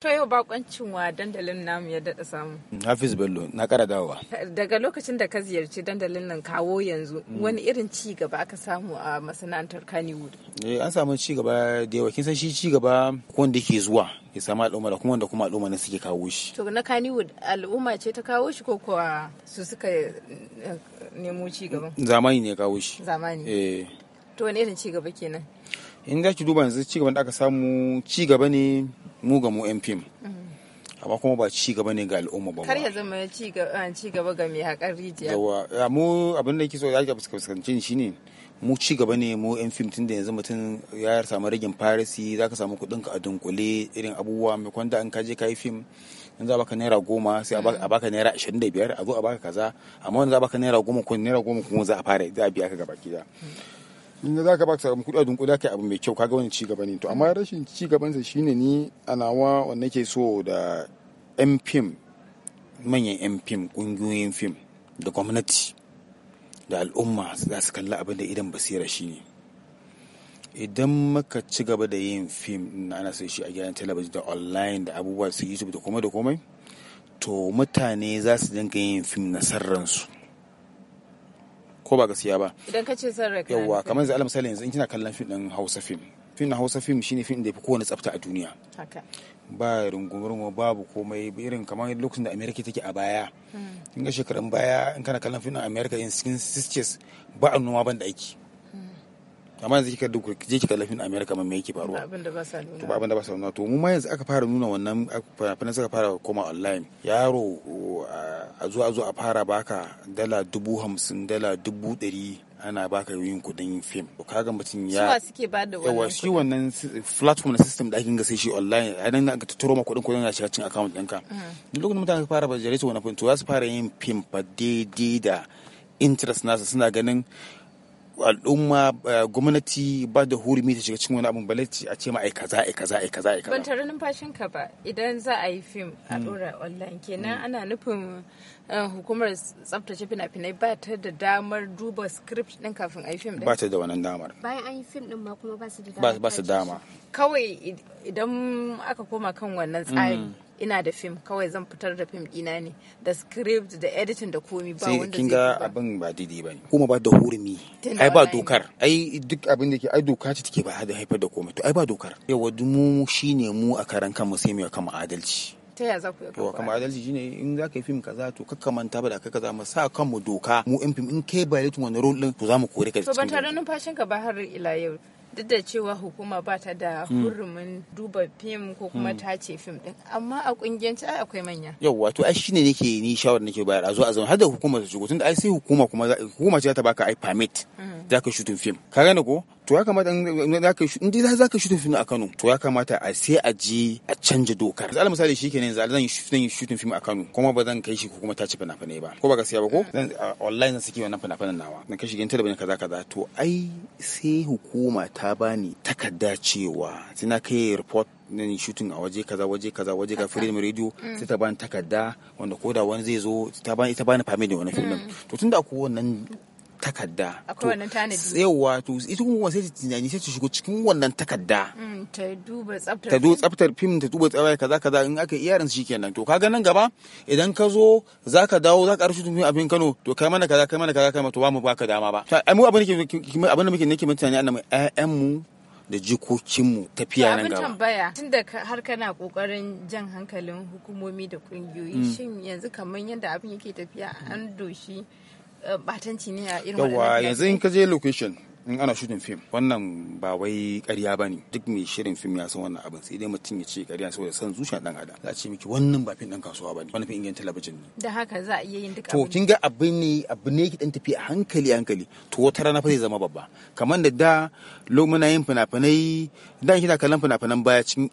To yau bakoncin wa dandalin namu ya daɗa samu. Hafiz Bello na ƙara dawowa. Daga lokacin da ka ziyarci dandalin nan kawo yanzu mm. wani irin ci gaba aka samu a masana'antar Kannywood. Eh an samu ci gaba da yawa kin san shi ci gaba ko wanda yake zuwa ya samu al'umma da kuma wanda kuma al'umma ne suke kawo shi. To na Kannywood al'umma ce ta kawo shi ko kuwa su suka eh, nemo ci gaba? Zamani ne kawo shi. Zamani. Eh. To wani irin ci gaba kenan? In za ki duba yanzu ci gaban da aka samu ci gaba ne mu ga mu fim amma kuma ba ci gaba ne ga al'umma ba kar ya zama ci gaba ah, ci gaba ga mai hakan rijiya yawa ah, mu abin da yake so ya ga fuskanci shine mu ci gaba ne mu yan fim tun da yanzu mutum ya samu ragin farisi za ka samu kudin ka a dunkule irin abubuwa mai kwanda an kaje ka yi fim in za baka naira goma sai a baka naira ashirin da biyar a zo a baka kaza amma wani za baka naira goma ko naira goma kuma za a fara za a biya ka gaba da. in za ka baka samu kuɗi a kai abu mai kyau kaga wani ci gaba ne to amma rashin ci gaban sa shine ni a nawa wanda ke so da fim manyan fim kungiyoyin fim da gwamnati da al'umma za su kalla abin da idan basira shi ne idan muka ci gaba da yin fim na ana sai shi a gidan talabijin da online da abubuwa su YouTube da komai da komai to mutane za su dinga yin fim na sarransu ko ba gaskiya ba idan ka ce son rai yawa kamar yanzu misali yanzu in kina kallon fim din Hausa fim fim na Hausa fim shine fim da ya fi kowane tsafta a duniya haka ba mu babu komai irin kamar lokacin da America take a baya hmm. in ga shekarun baya in kana kallon fim din America in cikin sisters ba annoma ban da aiki amma yanzu kika duk je kika lafin America mai yake faruwa to ba abinda da ba sa nuna to mu ma yanzu aka fara nuna wannan fina suka fara koma online yaro a zuwa a a fara baka dala dubu hamsin dala dubu ɗari ana baka yin kudin fim to kaga mutum ya suwa suke ba da wannan shi wannan platform na system da ake gasa shi online a nan ka turo ma kudin kudin ya shiga cikin account ɗinka mm. duk lokacin mutane fara ba jare su wannan fim to za su fara yin fim ba daidai da interest nasa suna ganin al'umma eh, gwamnati ba da hurumi ta shiga cikin wani abin balaci a ce ma ai kaza ai kaza ai kaza ai kaza ban tare numfashin ka ba idan za a yi fim a dora hmm. online kenan hmm. ana nufin eh, hukumar tsaftace fina-finai ba ta da damar duba script din kafin a yi fim din ba ta da wannan damar bayan an yi fim din ma kuma ba su da dama ba su dama kawai idan aka koma kan wannan tsari hmm. ina da fim kawai zan fitar da fim ɗina ne da script da editing da komi ba wanda kinga abin ba daidai ba ne kuma ba da hurumi ai ba dokar ai duk abin da ke ai doka ce take ba da haifar da komai to ai ba dokar yawa mu shine mu a karan kanmu sai mu kama adalci ta ya za ku yi to kama adalci shine in za ka yi fim kaza to kakka manta ba da ka kaza mu sa kanmu doka mu in fim in kai ba wani role din to za mu kore ka to ba tare numfashin ka ba har ila yau duk da cewa hukuma ba ta da mm. hurumin duba fim ko kuma mm. ta ce fim din amma a kungiyar ta akwai manya yau wato ai shine nake ni shawara nake bayar a zo a zama har da hukuma ta shigo tunda ai sai hukuma kuma hukuma ce ta baka ai permit mm. za ka shutin fim ka gane ko to ya kamata in dai za ka shutin fim a Kano to ya kamata a sai a je a canja dokar misali misali shi kenan zan yi shutin fim a Kano kuma ba zan kai shi ko kuma tace fina-finai ba ko ba siya ba ko zan online zan saki wannan fina-finan nawa na kai shi gidan talabijin kaza kaza to ai sai hukuma ta bani takarda cewa sai na kai report ni shooting a waje kaza waje kaza waje ka freedom radio mm. Mm. sai ta bani takarda wanda koda da wani zai zo ta bani ita bani permit wani film mm. to tunda ko wannan takarda akwai wannan tanadi yawa to ita kuma sai ta tunani sai ta shigo cikin wannan takarda mm, ta duba tsaftar ta duba tsaftar fim ta duba tsaftar kaza kaza in aka yaran shi kenan. to kaga nan gaba idan ka zo za ka dawo ka rushe tun abin Kano to kai mana kaza kai mana kaza kai mana to ba mu ba ka dama ba ai mu abin da abin da muke nake tunani annabi ƴaƴan mu da jikokinmu tafiya nan gaba. Abin tambaya tun da har kana kokarin jan hankalin hukumomi da kungiyoyi mm. shin yanzu kamar yadda abin yake tafiya an doshi batanci ne a irin yawa yanzu in ka je location in ana shooting film wannan ba wai ƙarya ba ne duk mai shirin film ya san wannan abin sai dai mutum ya ce ƙarya saboda san zuciya dan adam za a ce miki wannan ba fim dan kasuwa ba ne wannan fim ingin talabijin ne da haka za a iya yin duk to kin ga abu ne abu ne ki dan tafi a hankali hankali to wata rana fa zai zama babba kamar da da lo muna yin fina-finai da kina kallon fina-finan baya cikin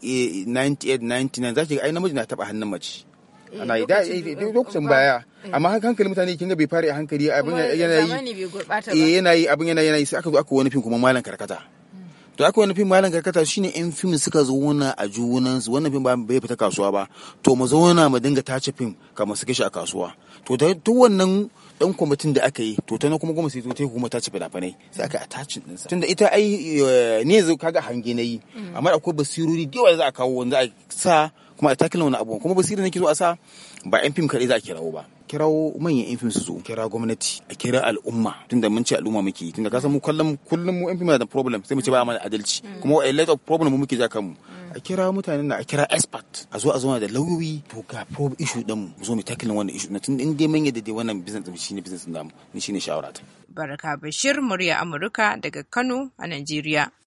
98 eh, 99 za ki ga ai namiji na taba hannun mace Eh, Ana yi da sun eh, baya eh. amma hankalin mutane kinga ga bai fara hankali abin yana yi eh yana yi abin yana yana yi sai aka zo aka wani fim kuma malam karkata hmm. to aka wani fim malam karkata shine in fim suka zo wani a junan su wannan fim ba bai fita kasuwa ba to mu zauna mu dinga tace fim kamar su shi a kasuwa to duk wannan dan kwamitin da aka yi to ta na kuma goma sai ta kuma ta ci fina-finai sai aka attachin din sa tunda ita ai ne zo kaga hange na yi hmm. amma akwai basirori da yawa za a kawo wanda a sa kuma a tackle wani abu kuma basirin ne ki zo a sa ba yan fim kaɗai za a kirawo ba kirawo manyan yan fim su zo kira gwamnati a kira al'umma tunda mun ce al'umma muke yi tunda ka san mu kallon kullum mu yan fim da problem sai mu ce ba mana adalci mm. kuma a lot of problem mu muke ja kanmu mm. a kira mutanen na a kira expert a zo a zo da lauyoyi to ga prob issue din mu zo mu tackle wannan issue na tun in dai manya da dai wannan business din shine business din namu ni shine shawara ta Baraka Bashir murya Amurka daga Kano a Najeriya